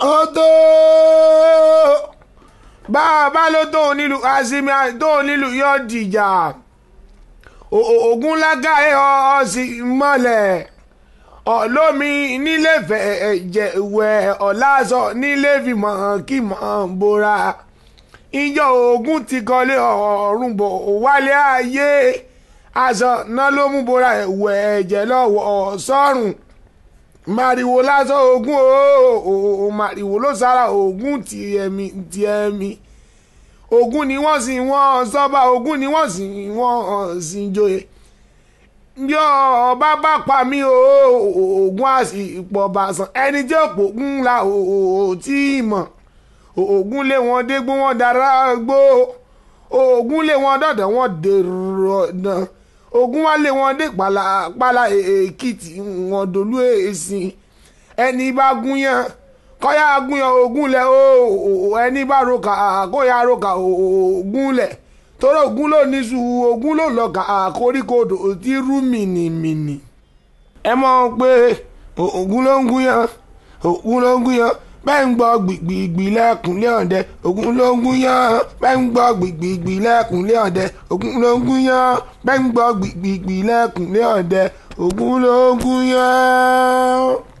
ó tó bá a bá ló tó nílùú azimi tó nílùú yóò dìjà ogun lága ẹ ọ sì mọ́lẹ̀ ọlọ́mi nílẹ̀fẹ̀ ẹ̀jẹ̀wẹ̀ ọ̀làsọ nílẹ̀fìmọ̀ kí mọ̀ bora ìjọ ogun ti kọ́lé ọ̀run bọ̀ wálé ayé aṣọ náà ló mú bóra ẹ̀wẹ̀ ẹ̀jẹ̀ lọ́wọ́ sọ́run màrìwò lásán ogun o màrìwò ló sára ogun ti ẹ̀mí ti ẹ̀mí ogun ni wọ́n sì wọ́n sọ́ba ogun ni wọ́n sì wọ́n sì joyè yọ ọba bá pa mí o ogun àsìpọ̀ bàṣán ẹni jẹ́ òpógún la ò tí ì mọ̀ ogun lé wọn dégbó wọn dára gbó ogun lé wọn dọ̀dọ̀ wọn dèrò ọ̀dàn. Ògúnwálé wọn dé pàlàpàlà e, e, Èkìtì wọn dòlú èsìn e, ẹni bá gúnyán kọ́yà gúnyán ògúnlẹ̀ o ẹni bá roka kóyà roka ògúnlẹ̀ torí ògún ló ní su ògún ló lọ́ka koríko tí rú mìnìmìnì ẹ mọ̀ pé ògún ló ń gúnyán ògún ló ń gúnyán bẹ́ẹ̀ ń gbọ́ gbìgbìgbì lẹ́kùnlé ọ̀dẹ ogun ló ń gún yán bẹ́ẹ̀ ń gbọ́ gbìgbìgbì lẹ́kùnlé ọ̀dẹ ogun ló ń gún yán bẹ́ẹ̀ ń gbọ́ gbìgbìgbì lẹ́kùnlé ọ̀dẹ ogun ló ń gún yán.